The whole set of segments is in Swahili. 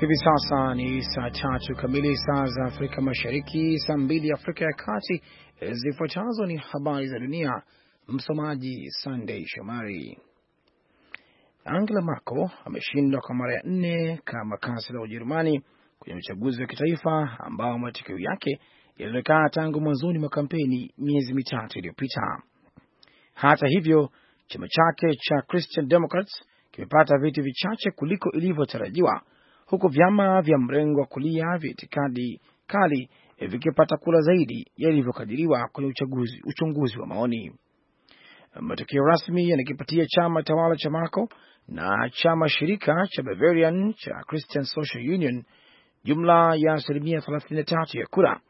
Hivi sasa ni saa tatu kamili saa za Afrika Mashariki, saa mbili Afrika ya Kati. Zifuatazo ni habari za dunia, msomaji Sandei Shomari. Angela Merkel ameshindwa kwa mara ya nne kama kansela wa Ujerumani kwenye uchaguzi wa kitaifa ambao matokeo yake yalionekana tangu mwanzoni mwa kampeni miezi mitatu iliyopita. Hata hivyo, chama chake cha Christian Democrats kimepata viti vichache kuliko ilivyotarajiwa huku vyama vya mrengo wa kulia vya itikadi kali eh, vikipata kura zaidi yalivyokadiriwa kwenye uchunguzi wa maoni. Matokeo rasmi yanakipatia chama tawala cha Mako na chama shirika cha Bavarian cha Christian Social Union jumla ya asilimia 33 ya kura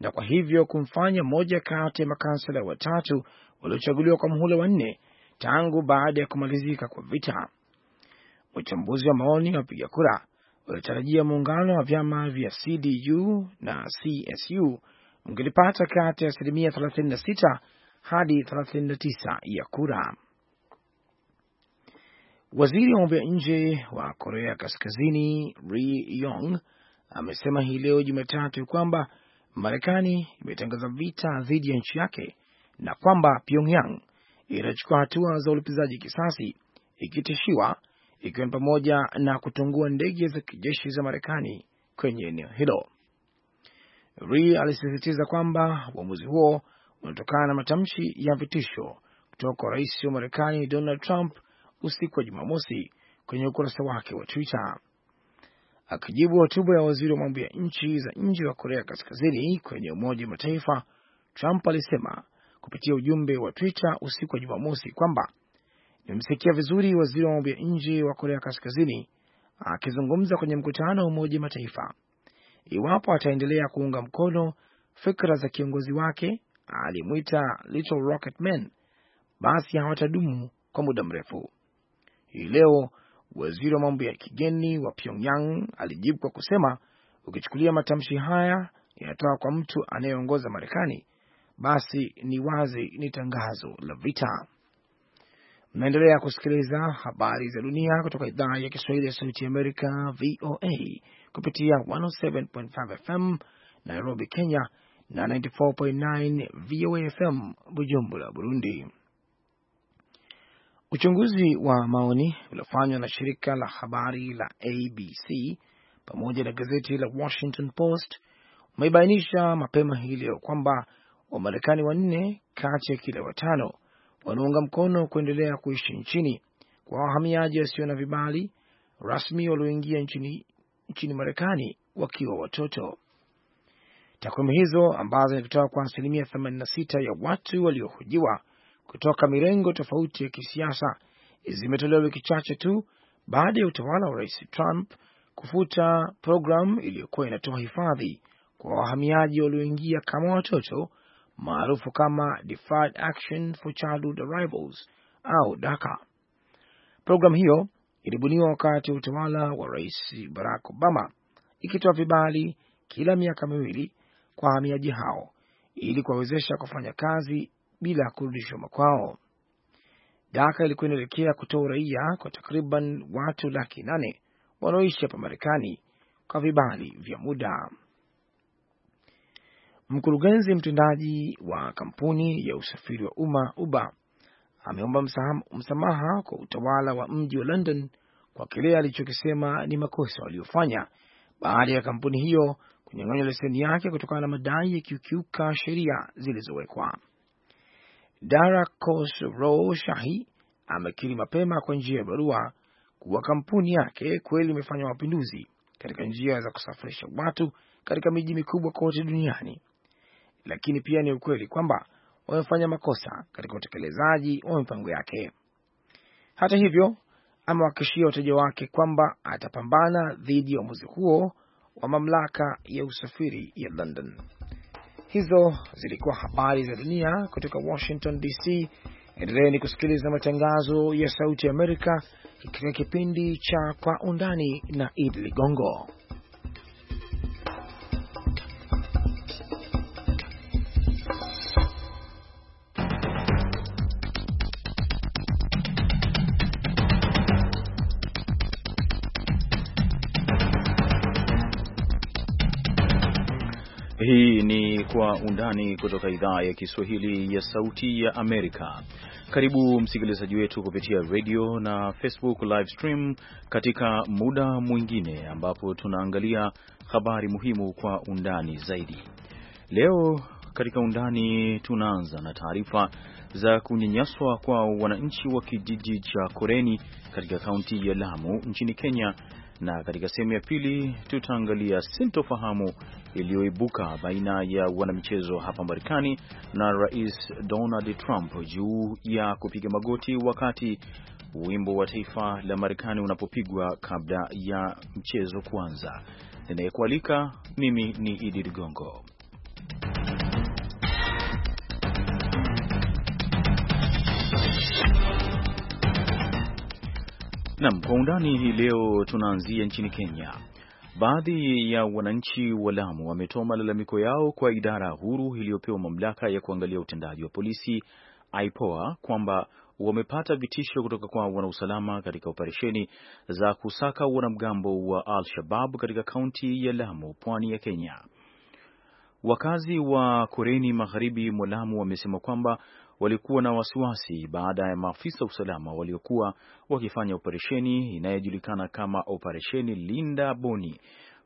na kwa hivyo kumfanya mmoja kati ya makansela watatu waliochaguliwa kwa mhula wa nne tangu baada ya kumalizika kwa vita. Wachambuzi wa maoni wapiga kura ulitarajia muungano wa vyama vya CDU na CSU ungelipata kati ya asilimia 36 hadi 39 ya kura. Waziri wa mambo ya nje wa Korea Kaskazini Ri Yong amesema hii leo Jumatatu kwamba Marekani imetangaza vita dhidi ya nchi yake na kwamba Pyongyang itachukua hatua za ulipizaji kisasi, ikitishiwa ikiwa ni pamoja na kutungua ndege za kijeshi za Marekani kwenye eneo hilo. Ri alisisitiza kwamba uamuzi huo unatokana na matamshi ya vitisho kutoka kwa rais wa Marekani Donald Trump usiku wa Jumamosi kwenye ukurasa wake wa Twitter. Akijibu hotuba ya waziri wa mambo ya nchi za nje wa Korea Kaskazini kwenye Umoja wa Mataifa, Trump alisema kupitia ujumbe wa Twitter usiku wa Jumamosi kwamba Nimemsikia vizuri waziri wa mambo ya nje wa Korea Kaskazini akizungumza kwenye mkutano wa Umoja Mataifa. Iwapo ataendelea kuunga mkono fikra za kiongozi wake alimwita Little Rocket Man, basi hawatadumu kwa muda mrefu. Hii leo waziri wa mambo ya kigeni wa Pyongyang alijibu kwa kusema, ukichukulia matamshi haya yanatoka kwa mtu anayeongoza Marekani, basi ni wazi ni tangazo la vita. Mnaendelea kusikiliza habari za dunia kutoka idhaa ya Kiswahili ya sauti Amerika, VOA, kupitia 107.5 FM Nairobi, Kenya na 94.9 VOA FM Bujumbura, Burundi. Uchunguzi wa maoni uliofanywa na shirika la habari la ABC pamoja na gazeti la Washington Post umebainisha mapema hii leo kwamba Wamarekani wanne kati ya kila watano wanaunga mkono kuendelea kuishi nchini kwa wahamiaji wasio na vibali rasmi walioingia nchini, nchini Marekani wakiwa watoto. Takwimu hizo ambazo ni kutoka kwa asilimia 86 ya watu waliohojiwa kutoka mirengo tofauti ya kisiasa zimetolewa wiki chache tu baada ya utawala wa Rais Trump kufuta programu iliyokuwa inatoa hifadhi kwa wahamiaji walioingia kama watoto maarufu kama Deferred Action for Childhood Arrivals au DACA. Programu hiyo ilibuniwa wakati wa utawala wa Rais Barack Obama, ikitoa vibali kila miaka miwili kwa wahamiaji hao ili kuwawezesha kufanya kazi bila kurudishwa makwao. Daka ilikuwa inaelekea kutoa uraia kwa takriban watu laki nane wanaoishi hapa Marekani kwa vibali vya muda. Mkurugenzi mtendaji wa kampuni ya usafiri wa umma Uber ameomba msamaha kwa utawala wa mji wa London kwa kile alichokisema ni makosa waliofanya baada ya kampuni hiyo kunyang'anywa leseni yake kutokana na madai ya kukiuka sheria zilizowekwa. Dara Khosrow Shahi amekiri mapema kwa njia ya barua kuwa kampuni yake kweli imefanya mapinduzi katika njia za kusafirisha watu katika miji mikubwa kote duniani lakini pia ni ukweli kwamba wamefanya makosa katika utekelezaji wa mipango yake. Hata hivyo, amewahakikishia wateja wake kwamba atapambana dhidi ya uamuzi huo wa mamlaka ya usafiri ya London. Hizo zilikuwa habari za dunia kutoka Washington DC. Endeleeni kusikiliza matangazo ya Sauti ya Amerika katika kipindi cha Kwa Undani na Idi Ligongo. Undani kutoka idhaa ya Kiswahili ya Sauti ya Amerika. Karibu msikilizaji wetu kupitia radio na Facebook live stream katika muda mwingine ambapo tunaangalia habari muhimu kwa undani zaidi. Leo katika undani tunaanza na taarifa za kunyanyaswa kwa wananchi wa kijiji cha Koreni katika kaunti ya Lamu nchini Kenya na katika sehemu ya pili tutaangalia sintofahamu iliyoibuka baina ya wanamichezo hapa Marekani na Rais Donald Trump juu ya kupiga magoti wakati wimbo wa taifa la Marekani unapopigwa kabla ya mchezo kuanza. Ninayekualika mimi ni Idi Ligongo. Naam, kwa undani hii leo tunaanzia nchini Kenya. Baadhi ya wananchi wa Lamu wametoa malalamiko yao kwa idara huru iliyopewa mamlaka ya kuangalia utendaji wa polisi IPOA kwamba wamepata vitisho kutoka kwa wanausalama katika operesheni za kusaka wanamgambo wa Al-Shabab katika kaunti ya Lamu, pwani ya Kenya. Wakazi wa Koreni magharibi mwa Lamu wamesema kwamba walikuwa na wasiwasi baada ya maafisa usalama waliokuwa wakifanya operesheni inayojulikana kama Operesheni Linda Boni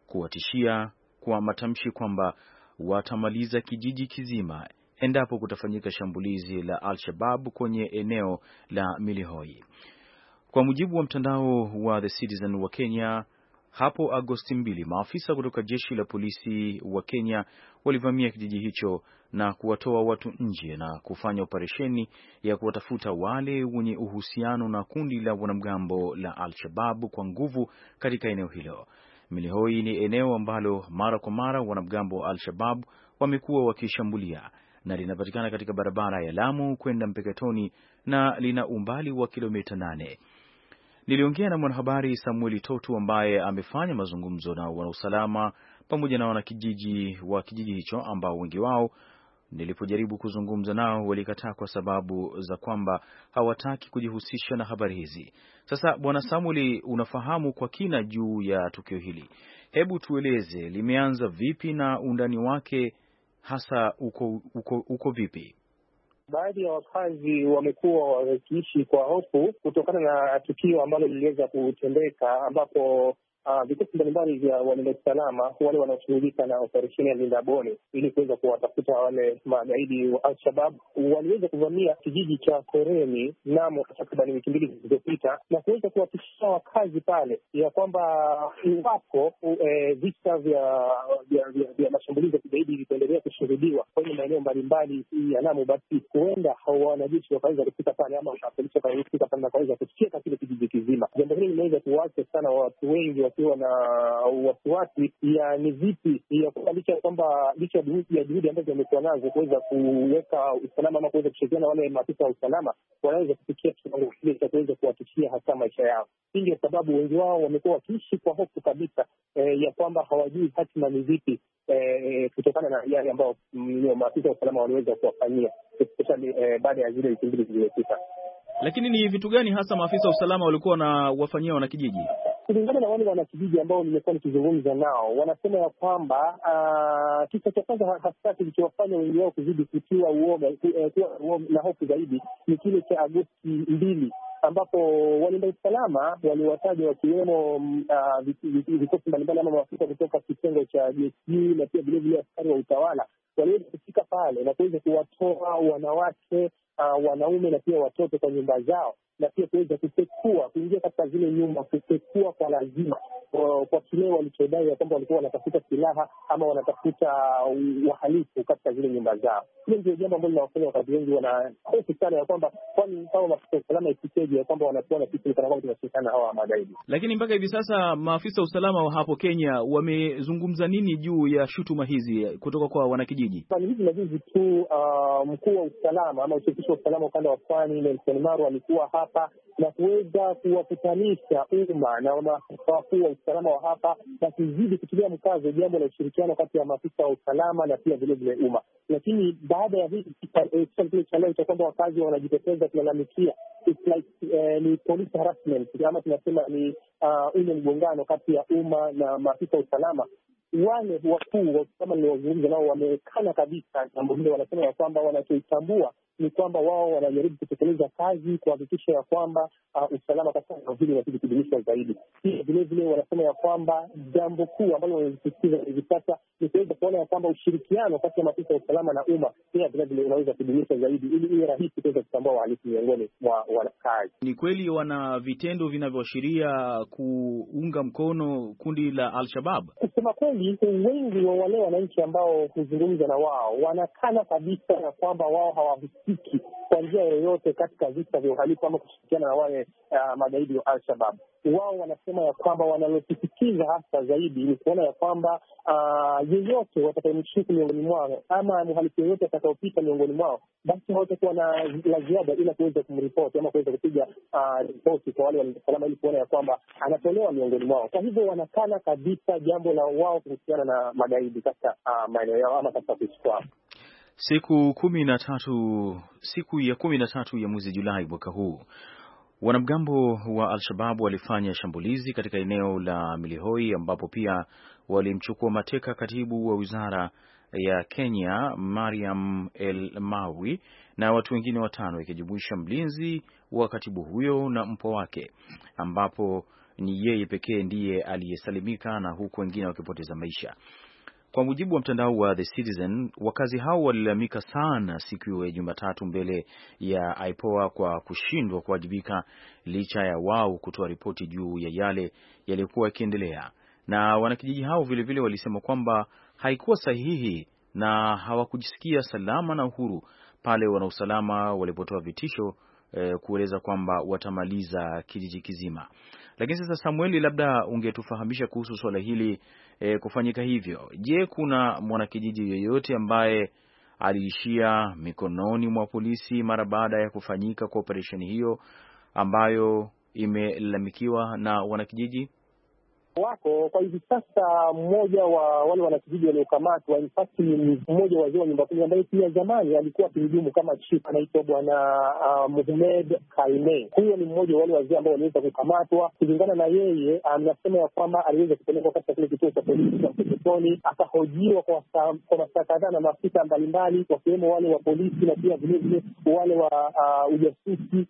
kuwatishia kwa matamshi kwamba watamaliza kijiji kizima endapo kutafanyika shambulizi la Al-Shabab kwenye eneo la Milihoi. Kwa mujibu wa mtandao wa The Citizen wa Kenya, hapo Agosti mbili, maafisa kutoka jeshi la polisi wa Kenya walivamia kijiji hicho na kuwatoa watu nje na kufanya operesheni ya kuwatafuta wale wenye uhusiano na kundi la wanamgambo la al shabab kwa nguvu katika eneo hilo. Milihoi ni eneo ambalo mara kwa mara wanamgambo wa al shabab wamekuwa wakishambulia na linapatikana katika barabara ya Lamu kwenda Mpeketoni na lina umbali wa kilomita nane. Niliongea na mwanahabari Samueli Totu ambaye amefanya mazungumzo na wanausalama pamoja na wanakijiji wa kijiji hicho ambao wengi wao nilipojaribu kuzungumza nao walikataa kwa sababu za kwamba hawataki kujihusisha na habari hizi. Sasa Bwana Samueli, unafahamu kwa kina juu ya tukio hili, hebu tueleze limeanza vipi na undani wake hasa uko, uko, uko vipi? baadhi ya wakazi wamekuwa wakiishi kwa hofu kutokana na tukio ambalo liliweza kutendeka ambapo Ah, vikosi mbalimbali vya walinda usalama wale wanaoshughulika na operesheni ya linda boni ili kuweza kuwatafuta wale magaidi wa Al-Shabab waliweza kuvamia kijiji cha Koreni namo takriban wiki mbili zilizopita na kuweza kuwatishia wakazi pale ya kwamba iwapo e, eh, vita vya vya, vya, vya mashambulizi ya kigaidi vitaendelea kushuhudiwa kwenye maeneo mbalimbali ya namo basi huenda wanajeshi wakaweza kufika pale ama polisi wakaweza kufika pale na kuweza kufyeka kile kijiji kizima. Jambo hili limeweza kuwacha sana watu wengi wakiwa na wasiwasi ya ni vipi ya kwamba licha ya kwamba licha ya juhudi ambazo wamekuwa nazo kuweza kuweka usalama ama kuweza kushirikiana wale maafisa wa usalama, wanaweza kufikia kiwango kile cha kuweza kuwatishia hasa maisha yao. Hii ndio sababu wengi wao wamekuwa wakiishi kwa hofu kabisa eh, ya kwamba hawajui hatima ni vipi eh, kutokana na yale ambayo mm, maafisa wa usalama waliweza kuwafanyia especially eh, baada ya zile wiki mbili zilizopita. Lakini ni vitu gani hasa maafisa wa usalama walikuwa wanawafanyia wanakijiji? Kulingana na wale wanakijiji ambao nimekuwa nikizungumza nao, wanasema ya kwamba ah, kisa cha kwanza hasa kilichowafanya wengi wao kuzidi kutiwa eh, uoga na hofu zaidi ni kile cha Agosti mbili ambapo walinda usalama waliwataja wakiwemo mm, ah, vikosi mbalimbali ama maafisa kutoka kitengo cha GSU na pia vilevile askari wa utawala waliweza kufika pale na kuweza kuwatoa wanawake uh, wanaume na pia watoto kwa nyumba zao, na pia kuweza kupekua, kuingia katika zile nyumba, kupekua kwa lazima, uh, kwa kile walichodai ya kwamba walikuwa wanatafuta silaha ama wanatafuta wahalifu uh, katika zile nyumba zao. Hilo ndio jambo ambalo linawafanya wakazi wengi hofu sana ya kwamba kwani kama maafisa usalama ikiteji ya kwamba wanatuona sisi kana kwamba tunashirikiana na hawa magaidi. Lakini mpaka hivi sasa maafisa wa usalama wa hapo Kenya wamezungumza nini juu ya shutuma hizi kutoka kwa wanakijiji? Hizi majuzi tu uh, mkuu wa usalama ama ushirikisho wa usalama ukanda wa pwani Nelson Maru alikuwa hapa na kuweza kuwakutanisha umma na maafisa wakuu wa usalama wa hapa, wakizidi kutilia mkazo jambo la ushirikiano kati ya maafisa wa usalama na pia vilevile umma. Lakini baada ya hii eh, cha leo cha kwamba wakazi wanajitokeza kulalamikia eh, ni police harassment ama tunasema ni ah, ule mgongano kati ya umma na maafisa wa usalama wale wakuu wa usalama niliwazungumza nao wamekana kabisa jambo hilo, wanasema ya kwamba wanachoitambua ni kwamba wao wanajaribu kutekeleza kazi kuhakikisha ya kwamba uh, usalama katika eneo hili unazidi kudumishwa zaidi. Pia vilevile wanasema ya kwamba jambo kuu ambalo wanazisisitiza hivi sasa ni kuweza kuona ya kwamba ushirikiano kati ya maafisa ya usalama na umma pia vilevile unaweza kudumishwa zaidi, ili iwe rahisi kuweza kutambua wahalifu miongoni mwa wanakazi. Ni kweli wana vitendo vinavyoashiria kuunga mkono kundi la Al-Shabab. Kusema kweli, wengi wa wale wananchi ambao huzungumza na wao wanakana kabisa ya kwamba wao hawa hiki kwa njia yoyote katika vita vya uhalifu ama kushirikiana na wale uh, magaidi wa Alshabab. Wao wanasema ya kwamba wanalosisitiza hasa zaidi ni kuona ya kwamba uh, yeyote watakayemshuku miongoni mwao ama mhalifu yeyote atakaopita miongoni mwao, basi hawatakuwa na la ziada ila kuweza kumripoti ama kuweza kupiga uh, ripoti kwa wale walisalama, ili kuona ya kwamba anatolewa miongoni mwao. Kwa hivyo wanakana kabisa jambo la wao kuhusiana na magaidi katika uh, maeneo yao ama katika kuishi kwao. Siku kumi na tatu, siku ya kumi na tatu ya mwezi Julai mwaka huu wanamgambo wa Al-Shabab walifanya shambulizi katika eneo la Milihoi ambapo pia walimchukua mateka katibu wa wizara ya Kenya Mariam El Mawi na watu wengine watano ikijumuisha mlinzi wa katibu huyo na mpo wake, ambapo ni yeye pekee ndiye aliyesalimika na huku wengine wakipoteza maisha. Kwa mujibu wa mtandao wa The Citizen, wakazi hao walilalamika sana siku ya Jumatatu mbele ya IPOA kwa kushindwa kuwajibika licha ya wao kutoa ripoti juu ya yale yaliyokuwa yakiendelea, na wanakijiji hao vilevile vile walisema kwamba haikuwa sahihi na hawakujisikia salama na uhuru pale wanausalama walipotoa vitisho eh, kueleza kwamba watamaliza kijiji kizima. Lakini sasa, Samueli, labda ungetufahamisha kuhusu swala hili e, kufanyika hivyo. Je, kuna mwanakijiji yeyote ambaye aliishia mikononi mwa polisi mara baada ya kufanyika kwa operesheni hiyo ambayo imelalamikiwa na wanakijiji? wako kwa hivi sasa. Mmoja wa wale wanakijiji waliokamatwa, in fact ni mmoja wazee wa nyumba kumi ambaye pia zamani alikuwa akihudumu kama chifu, anaitwa Bwana uh, Muhamed Kaime. Huyo ni mmoja wa wale wazee ambao waliweza kukamatwa. Kulingana na yeye, anasema ya kwamba aliweza kupelekwa katika kile kituo cha polisi cha Kotoni, akahojiwa kwa masaa kadhaa na maafisa mbalimbali, wakiwemo wale wa polisi na pia vilevile wale wa uh, ujasusi,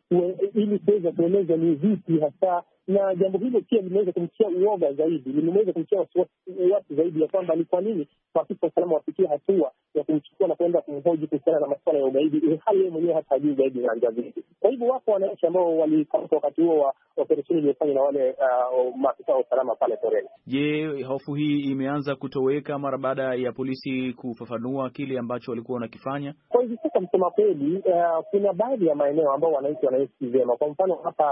ili kuweza kueleza ni vipi hasa na jambo hilo pia limeweza kumtia uoga zaidi, limeweza kumtia wasiwasi zaidi ya kwamba ni kwa nini maafisa wa usalama wafikie hatua ya kumchukua na kuenda kumhoji kuhusiana na masuala ya ugaidi, ili hali yeye mwenyewe hata hajui ugaidi unaanza vipi. Kwa hivyo wako wananchi ambao walikamka wakati huo wa operesheni iliyofanywa na wale uh, maafisa wa usalama pale Toreni. Je, hofu hii imeanza kutoweka mara baada ya polisi kufafanua kile ambacho walikuwa wanakifanya? Kwa hivi sasa, msema kweli, uh, kuna baadhi ya maeneo ambao wananchi wanaishi vyema. Kwa mfano hapa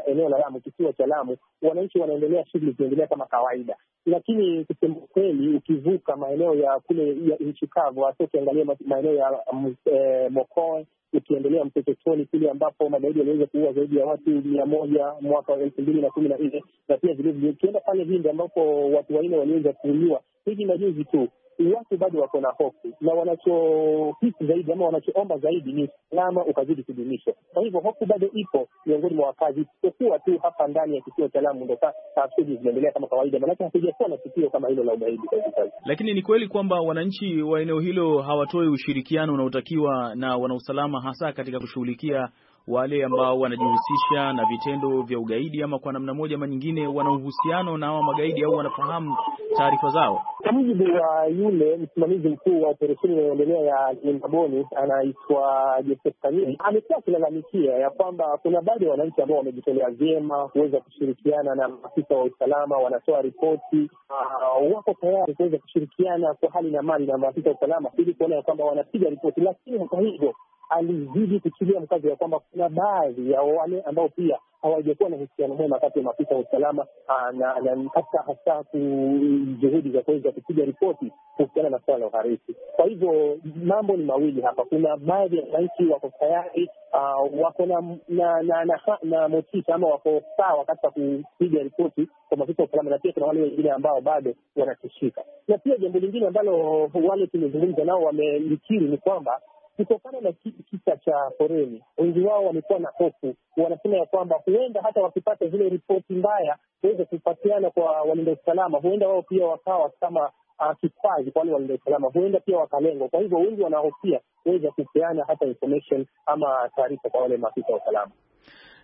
uh, eneo la Lamu kisiwa cha Lamu, wananchi wanaendelea, shughuli zinaendelea kama kawaida. Lakini kusema kweli, ukivuka maeneo ya kule ya nchi kavu, hasa ukiangalia maeneo ya um, eh, Mokoe ukiendelea Mpeketoni kule ambapo magaidi waliweza kuua zaidi ya watu mia moja mwaka wa elfu mbili na kumi na nne na pia vilevile ukienda pale Vindi ambapo watu wanne waliweza kuuliwa hivi majuzi tu watu bado wako na hofu, na wanachohisi zaidi ama wanachoomba zaidi ni usalama ukazidi kudumishwa. Kwa hivyo hofu bado ipo miongoni mwa wakazi, isipokuwa tu hapa ndani ya kituo cha Lamu ndo taafsiri zinaendelea kama kawaida, maanake hatujakuwa na tukio kama hilo la ugaidi kwa hivi sasa. Lakini ni kweli kwamba wananchi wa eneo hilo hawatoi ushirikiano unaotakiwa na wanausalama, hasa katika kushughulikia wale ambao wanajihusisha na vitendo vya ugaidi ama kwa namna moja ama nyingine wana uhusiano na hawa magaidi au wanafahamu taarifa zao. Kwa mujibu wa yule msimamizi mkuu wa operesheni inayoendelea ya Kigamboni, anaitwa Joseph Kanyei, amekuwa akilalamikia ya kwamba kuna baadhi ya wananchi ambao wamejitolea vyema kuweza kushirikiana na maafisa wa usalama, wanatoa ripoti, uh, wako tayari kuweza kushirikiana kwa hali na mali na maafisa wa usalama ili kuona ya kwamba wanapiga ripoti, lakini hata hivyo alizidi kutilia mkazo ya kwamba kuna baadhi ya wale ambao pia hawajakuwa na uhusiano mwema kati ya maafisa wa usalama ah, na hasa hasa juhudi za kuweza kupiga ripoti kuhusiana na suala la uharisi Kwa hivyo mambo ni mawili hapa. Kuna baadhi ya wananchi wako tayari, ah, wako na motisha ama wako sawa katika kupiga ripoti kwa maafisa wa usalama, na pia kuna wale wengine ambao bado wanatishika. Na pia jambo lingine ambalo wale tumezungumza nao wamelikiri ni kwamba Kutokana na kisa cha Foreni, wengi wao wamekuwa na hofu, wanasema ya kwamba huenda hata wakipata zile ripoti mbaya waweze kupatiana kwa walinda usalama, huenda wao pia wakawa kama uh, kipaji kwa wale walinda usalama, huenda pia wakalengwa. Kwa hivyo wengi wanahofia kuweza kupeana hata information ama taarifa kwa wale maafisa wa usalama.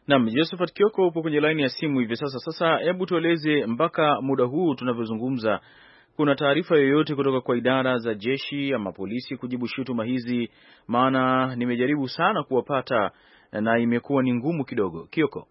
Naam, Josephat Kioko, upo kwenye laini ya simu hivi sasa. Sasa hebu tueleze mpaka muda huu tunavyozungumza kuna taarifa yoyote kutoka kwa idara za jeshi ama polisi kujibu shutuma hizi? Maana nimejaribu sana kuwapata na imekuwa ni ngumu kidogo. Kioko,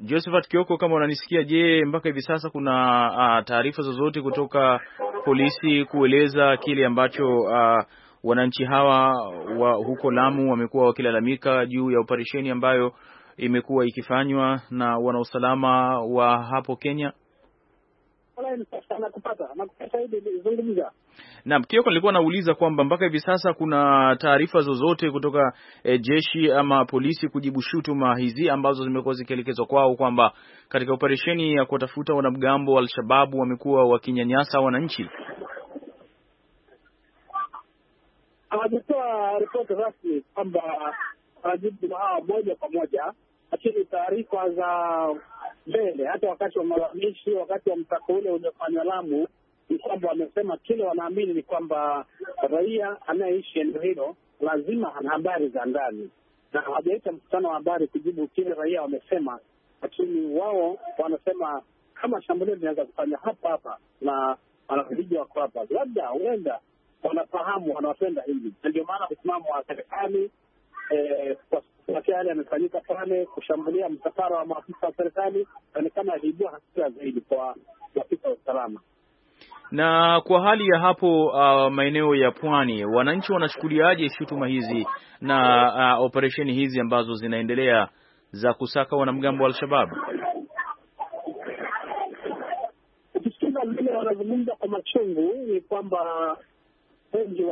Josephat Kioko, kama unanisikia, je, mpaka hivi sasa kuna taarifa zozote kutoka polisi kueleza kile ambacho a, wananchi hawa wa huko Lamu wamekuwa wakilalamika juu ya operesheni ambayo imekuwa ikifanywa na wanausalama wa hapo Kenya? Naam, Kioko, nilikuwa nauliza kwamba mpaka hivi sasa kuna taarifa zozote kutoka e, jeshi ama polisi kujibu shutuma hizi ambazo zimekuwa zikielekezwa kwao kwamba katika operesheni ya kuwatafuta wanamgambo wa Alshababu wamekuwa wakinyanyasa wananchi? Hawajatoa ripoti rasmi kwamba wanajibu hawa moja kwa moja lakini taarifa za mbele, hata wakati wa malamishi, wakati wa msako ule uliofanywa Lamu, ni kwamba wamesema kile wanaamini ni kwamba raia anayeishi eneo hilo lazima ana habari za ndani, na hawajaita mkutano wa habari kujibu kile raia wamesema, lakini wao wanasema kama shambulio linaweza kufanya hapa hapa na wanakijiji wako hapa, labda huenda wanafahamu wanapenda hivi na ndio maana msimamo wa serikali eh, Maake yale yamefanyika pale, kushambulia msafara wa maafisa wa serikali aonekana aliibua hasira zaidi kwa maafisa wa usalama. Na kwa hali ya hapo uh, maeneo ya pwani, wananchi wanachukuliaje shutuma hizi na uh, operesheni hizi ambazo zinaendelea za kusaka wanamgambo wa Al-Shabaab? Ukisikiza vile wanazungumza kwa machungu, ni kwamba wengi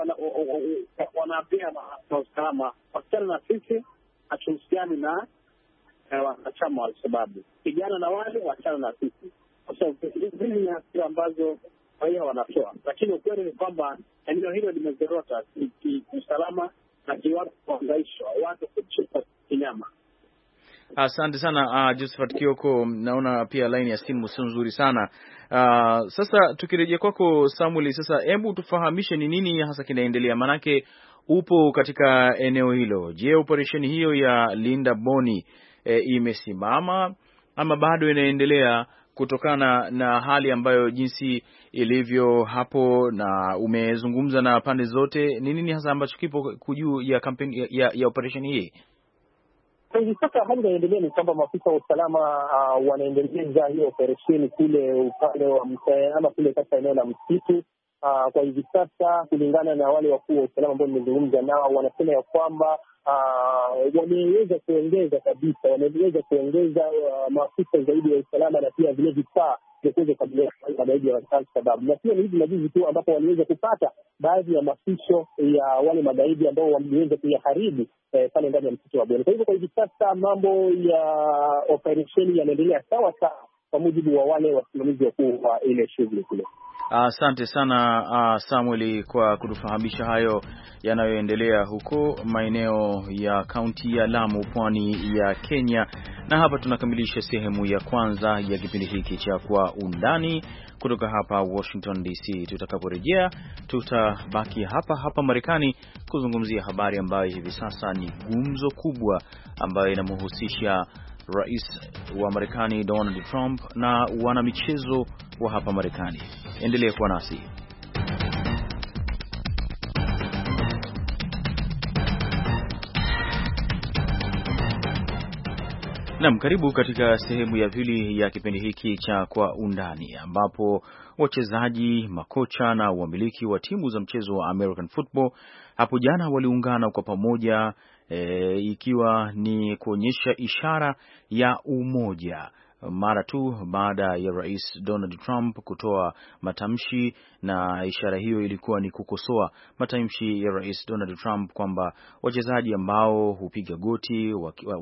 wanaambia maafisa wa usalama, wakutana na sisi hatuhusiani na eh, wanachama wa Alshababu, pigana na wale, wachana na sisi. Hizi ni hasira ambazo raia wanatoa, lakini ukweli ni kwamba eneo hilo limezorota kiusalama na kiwatu kuangaishwa, watu kuchupa kinyama. Asante sana uh, Josephat Kioko, naona pia laini ya simu sio nzuri sana uh, sasa tukirejea kwako Samuel, sasa hebu tufahamishe ni nini hasa kinaendelea, maanake upo katika eneo hilo. Je, operesheni hiyo ya Linda Boni e, imesimama ama bado inaendelea kutokana na hali ambayo jinsi ilivyo hapo, na umezungumza na pande zote, ni nini hasa ambacho kipo kujuu ya kampeni ya, ya operesheni hii? Hivi sasa hali inaendelea ni kwamba maafisa wa usalama uh, wanaendeleza hiyo operesheni kule upande wa ama kule katika eneo la msitu uh, kwa hivi sasa kulingana na wale wakuu wa usalama ambao nimezungumza nao, wanasema ya kwamba uh, wameweza kuongeza kabisa, wameweza kuongeza uh, maafisa zaidi ya usalama na pia vile vifaa vya kuweza kukabiliana na magaidi ya Alshababu. Na pia ni hivi majuzi tu ambapo waliweza kupata baadhi ya maficho ya wale magaidi ambao waliweza kuyaharibu eh, pale ndani ya msitu wa Boni. Kwa hivyo kwa hivi sasa mambo ya operesheni yanaendelea sawa sawa kwa mujibu wa wale wasimamizi wakuu wa ile shughuli kule. Asante uh, sana uh, Samuel kwa kutufahamisha hayo yanayoendelea huko maeneo ya kaunti ya Lamu, pwani ya Kenya. Na hapa tunakamilisha sehemu ya kwanza ya kipindi hiki cha Kwa Undani kutoka hapa Washington DC. Tutakaporejea tutabaki hapa hapa Marekani kuzungumzia habari ambayo hivi sasa ni gumzo kubwa ambayo inamhusisha rais wa Marekani Donald Trump na wanamichezo wa hapa Marekani. Endelea kuwa nasi. Naam, karibu katika sehemu ya pili ya kipindi hiki cha Kwa Undani, ambapo wachezaji, makocha na wamiliki wa timu za mchezo wa American Football hapo jana waliungana kwa pamoja e, ikiwa ni kuonyesha ishara ya umoja mara tu baada ya Rais Donald Trump kutoa matamshi, na ishara hiyo ilikuwa ni kukosoa matamshi ya Rais Donald Trump kwamba wachezaji ambao hupiga goti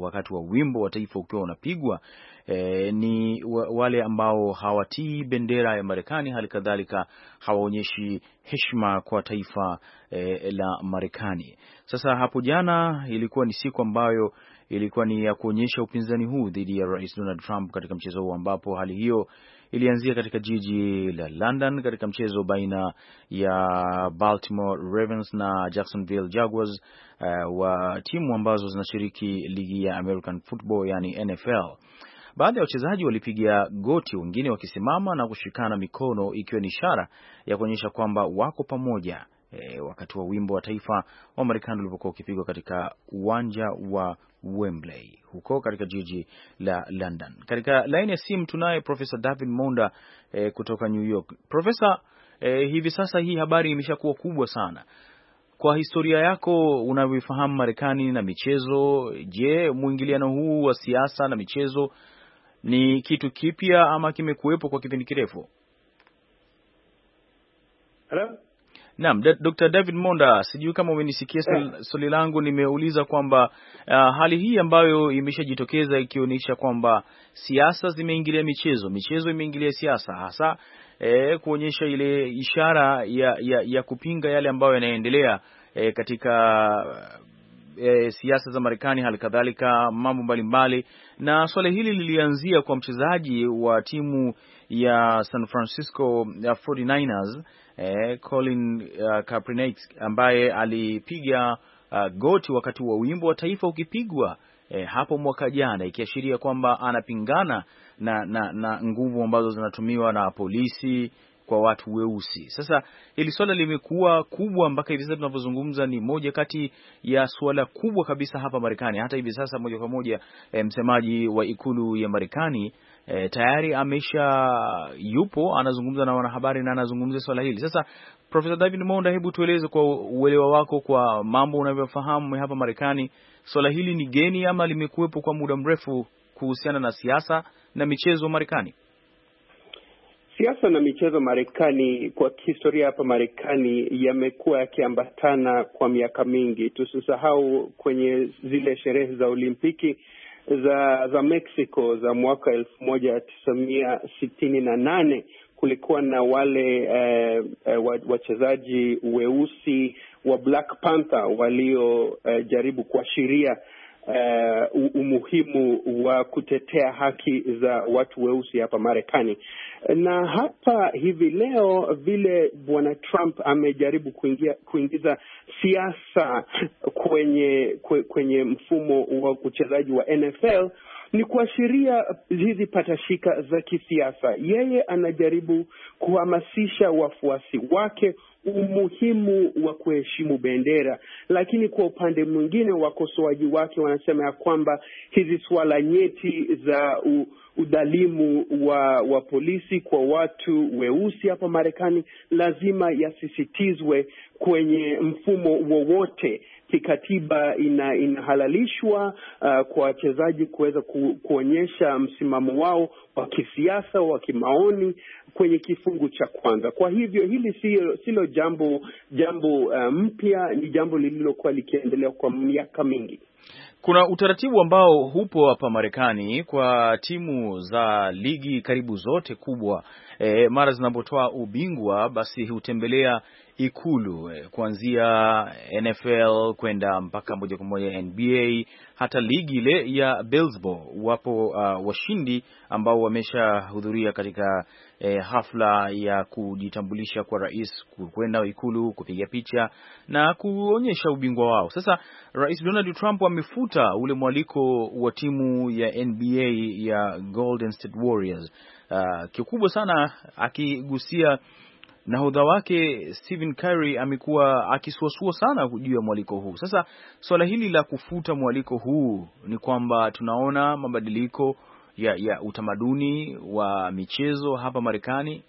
wakati wa wimbo wa taifa ukiwa unapigwa E, ni wale ambao hawatii bendera ya Marekani, hali kadhalika hawaonyeshi heshima kwa taifa e, la Marekani. Sasa hapo jana ilikuwa ni siku ambayo ilikuwa ni ya kuonyesha upinzani huu dhidi ya Rais Donald Trump katika mchezo huo, ambapo hali hiyo ilianzia katika jiji la London katika mchezo baina ya Baltimore Ravens na Jacksonville Jaguars uh, wa timu ambazo zinashiriki ligi ya American Football yani NFL. Baadhi ya wachezaji walipiga goti, wengine wakisimama na kushikana mikono, ikiwa ni ishara ya kuonyesha kwamba wako pamoja e, wakati wa wimbo wa taifa wa Marekani ulipokuwa ukipigwa katika uwanja wa Wembley huko katika jiji la London. Katika laini ya simu tunaye Profesa David Monda e, kutoka New York. Profesa, e, hivi sasa hii habari imeshakuwa kubwa sana kwa historia yako unavyoifahamu Marekani na michezo, je, mwingiliano huu wa siasa na michezo ni kitu kipya ama kimekuwepo kwa kipindi kirefu? Hello? Naam, Dr. David Monda, sijui kama umenisikia eh. swali langu. Nimeuliza kwamba uh, hali hii ambayo imeshajitokeza ikionyesha kwamba siasa zimeingilia michezo, michezo imeingilia siasa, hasa eh, kuonyesha ile ishara ya, ya, ya kupinga yale ambayo yanaendelea eh, katika E, siasa za Marekani, hali kadhalika mambo mbalimbali, na swala hili lilianzia kwa mchezaji wa timu ya San Francisco ya 49ers eh, Colin uh, Kaepernick ambaye alipiga uh, goti wakati wa wimbo wa taifa ukipigwa eh, hapo mwaka jana, ikiashiria kwamba anapingana na, na, na nguvu ambazo zinatumiwa na polisi kwa watu weusi. Sasa hili swala limekuwa kubwa mpaka hivi sasa tunavyozungumza, ni moja kati ya suala kubwa kabisa hapa Marekani. Hata hivi sasa moja kwa moja e, msemaji wa ikulu ya Marekani e, tayari amesha yupo anazungumza na wanahabari na anazungumzia swala hili. Sasa Profesa David Monda, hebu tueleze kwa uelewa wako, kwa mambo unavyofahamu hapa Marekani, swala hili ni geni ama limekuwepo kwa muda mrefu kuhusiana na siasa na michezo Marekani? Siasa na michezo Marekani, kwa kihistoria hapa Marekani, yamekuwa yakiambatana kwa miaka mingi. Tusisahau kwenye zile sherehe za Olimpiki za za Mexico za mwaka elfu moja tisa mia sitini na nane kulikuwa na wale eh, eh wachezaji weusi wa Black Panther waliojaribu eh, kuashiria uh, umuhimu wa kutetea haki za watu weusi hapa Marekani. Na hapa hivi leo vile bwana Trump amejaribu kuingia, kuingiza siasa kwenye kwenye mfumo wa uchezaji wa NFL ni kuashiria hizi patashika za kisiasa. Yeye anajaribu kuhamasisha wafuasi wake umuhimu wa kuheshimu bendera, lakini kwa upande mwingine wakosoaji wake wanasema ya kwamba hizi suala nyeti za u, udhalimu wa, wa polisi kwa watu weusi hapa Marekani lazima yasisitizwe kwenye mfumo wowote kikatiba ina, inahalalishwa uh, kwa wachezaji kuweza ku, kuonyesha msimamo wao wa kisiasa wa kimaoni kwenye kifungu cha kwanza. Kwa hivyo hili silo, silo jambo jambo uh, mpya, ni jambo lililokuwa likiendelea kwa miaka mingi. Kuna utaratibu ambao hupo hapa Marekani kwa timu za ligi karibu zote kubwa. E, mara zinapotoa ubingwa basi hutembelea ikulu eh, kuanzia NFL kwenda mpaka moja kwa moja NBA, hata ligi ile ya baseball. Wapo uh, washindi ambao wameshahudhuria katika eh, hafla ya kujitambulisha kwa rais, kwenda ikulu kupiga picha na kuonyesha ubingwa wao. Sasa Rais Donald Trump amefuta ule mwaliko wa timu ya NBA ya Golden State Warriors, uh, kikubwa sana akigusia nahodha wake Stephen Curry amekuwa akisuasua sana juu ya mwaliko huu. Sasa swala hili la kufuta mwaliko huu ni kwamba tunaona mabadiliko ya, ya utamaduni wa michezo hapa Marekani.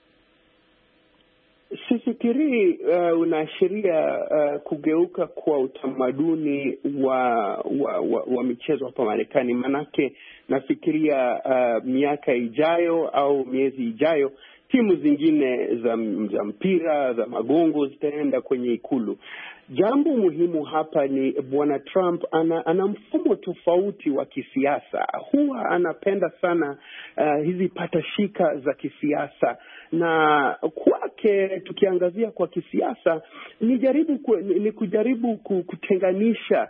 Sifikirii uh, unaashiria uh, kugeuka kwa utamaduni wa wa, wa, wa michezo hapa Marekani, manake nafikiria uh, miaka ijayo au miezi ijayo timu zingine za, za mpira za magongo zitaenda kwenye ikulu. Jambo muhimu hapa ni bwana Trump ana, ana mfumo tofauti wa kisiasa. Huwa anapenda sana uh, hizi patashika za kisiasa, na kwake, tukiangazia kwa kisiasa ni jaribu ku, ni kujaribu kutenganisha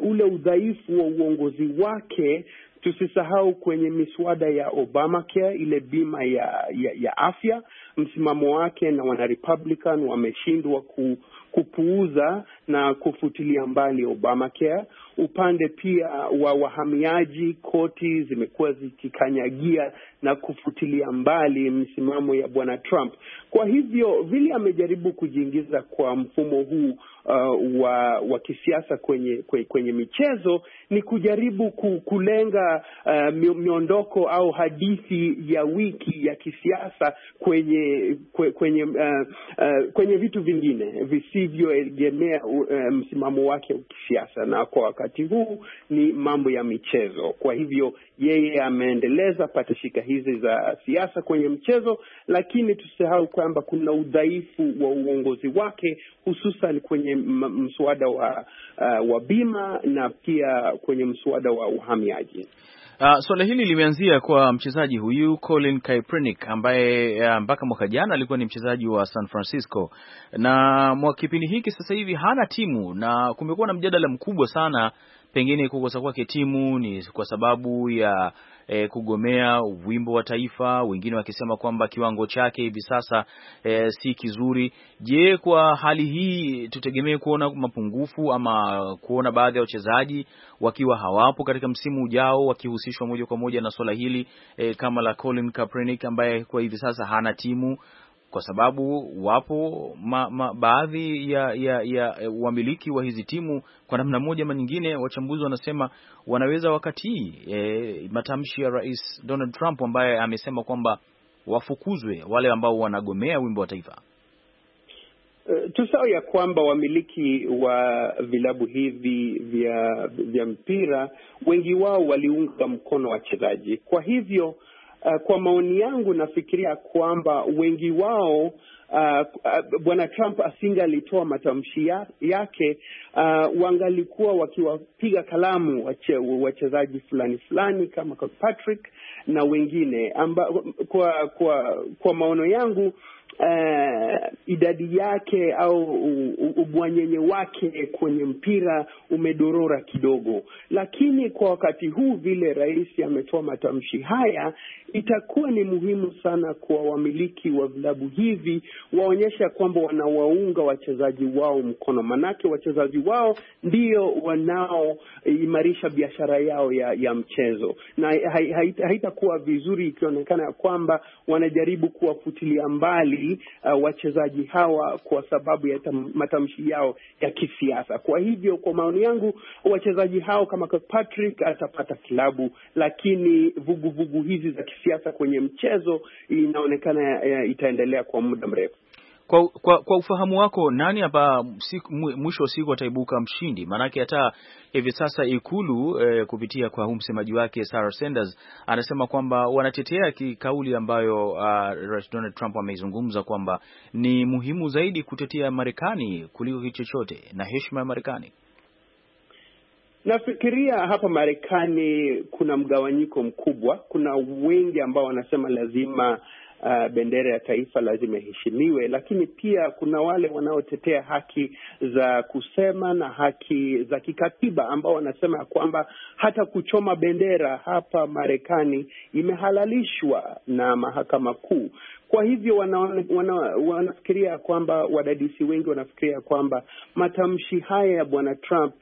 Uh, ule udhaifu wa uongozi wake Tusisahau kwenye miswada ya Obamacare, ile bima ya, ya, ya afya, msimamo wake na wanarepublican wameshindwa ku, kupuuza na kufutilia mbali Obamacare. Upande pia uh, wa wahamiaji, koti zimekuwa zikikanyagia na kufutilia mbali misimamo ya bwana Trump. Kwa hivyo vile amejaribu kujiingiza kwa mfumo huu uh, wa wa kisiasa kwenye, kwenye kwenye michezo ni kujaribu kulenga uh, miondoko au hadithi ya wiki ya kisiasa kwenye kwenye uh, uh, kwenye vitu vingine visivyoegemea uh, msimamo wake wa kisiasa na kwa wakati huu ni mambo ya michezo. Kwa hivyo yeye ameendeleza patashika hizi za siasa kwenye mchezo, lakini tusisahau kwamba kuna udhaifu wa uongozi wake hususan kwenye mswada wa, uh, wa bima na pia kwenye mswada wa uhamiaji. Uh, suala hili limeanzia kwa mchezaji huyu Colin Kaepernick ambaye ah, mpaka mwaka jana alikuwa ni mchezaji wa San Francisco, na mwa kipindi hiki sasa hivi hana timu, na kumekuwa na mjadala mkubwa sana, pengine kukosa kwake timu ni kwa sababu ya e, kugomea wimbo wa taifa, wengine wakisema kwamba kiwango chake hivi sasa e, si kizuri. Je, kwa hali hii tutegemee kuona mapungufu ama kuona baadhi ya wachezaji wakiwa hawapo katika msimu ujao wakihusishwa moja kwa moja na swala hili e, kama la Colin Kaepernick ambaye kwa hivi sasa hana timu kwa sababu wapo ma, ma, baadhi ya, ya, ya e, wamiliki wa hizi timu kwa namna moja ama nyingine, wachambuzi wanasema wanaweza wakatii e, matamshi ya Rais Donald Trump ambaye amesema kwamba wafukuzwe wale ambao wanagomea wimbo wa taifa. E, tusao ya kwamba wamiliki wa vilabu hivi vya vya mpira wengi wao waliunga mkono wachezaji, kwa hivyo Uh, kwa maoni yangu nafikiria kwamba wengi wao uh, uh, Bwana Trump asingalitoa matamshi ya, yake uh, wangalikuwa wakiwapiga kalamu wache, wachezaji fulani fulani kama Patrick na wengine amba, kwa kwa kwa maono yangu Uh, idadi yake au ubwanyenye wake kwenye mpira umedorora kidogo, lakini kwa wakati huu vile rais ametoa matamshi haya itakuwa ni muhimu sana kwa wamiliki wa vilabu hivi waonyesha kwamba wanawaunga wachezaji wao mkono, manake wachezaji wao ndio wanaoimarisha biashara yao ya, ya mchezo, na haitakuwa hai vizuri ikionekana ya kwamba wanajaribu kuwafutilia mbali uh, wachezaji hawa kwa sababu ya tam, matamshi yao ya kisiasa. Kwa hivyo, kwa maoni yangu, wachezaji hao kama Kirkpatrick atapata kilabu, lakini vuguvugu vugu hizi za kisiasa kisiasa kwenye mchezo inaonekana eh, eh, itaendelea kwa muda mrefu. Kwa, kwa, kwa ufahamu wako nani hapa mwisho wa siku ataibuka mshindi? Maanake hata hivi sasa Ikulu e, kupitia kwa huu msemaji wake Sarah Sanders anasema kwamba wanatetea kauli ambayo uh, Donald Trump ameizungumza kwamba ni muhimu zaidi kutetea Marekani kuliko kitu chochote na heshima ya Marekani. Nafikiria hapa Marekani kuna mgawanyiko mkubwa. Kuna wengi ambao wanasema lazima Uh, bendera ya taifa lazima iheshimiwe, lakini pia kuna wale wanaotetea haki za kusema na haki za kikatiba ambao wanasema ya kwamba hata kuchoma bendera hapa Marekani imehalalishwa na mahakama kuu. Kwa hivyo wanafikiria wana, wana, kwamba wadadisi wengi wanafikiria kwamba matamshi haya ya bwana Trump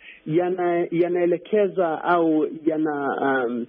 yanaelekeza yana au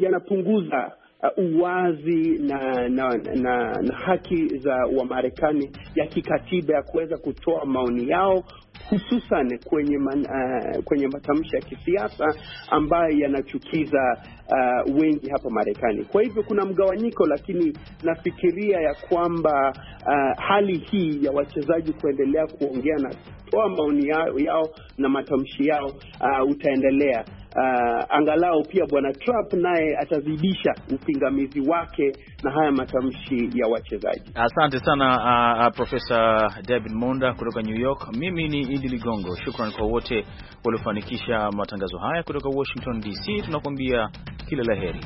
yanapunguza um, ya, ya, ya Uh, uwazi na na, na na haki za Wamarekani ya kikatiba ya kuweza kutoa maoni yao hususan kwenye, man, uh, kwenye matamshi ya kisiasa ambayo yanachukiza uh, wengi hapa Marekani. Kwa hivyo kuna mgawanyiko, lakini nafikiria ya kwamba uh, hali hii ya wachezaji kuendelea kuongea na kutoa maoni yao, yao na matamshi yao uh, utaendelea uh, angalau pia bwana Trump naye atazidisha upingamizi wake na haya matamshi ya wachezaji. Asante sana uh, uh, Profesa David Monda kutoka New York. Mimi ni Idi Ligongo, shukran kwa wote waliofanikisha matangazo haya kutoka Washington DC. Tunakuambia kila la heri.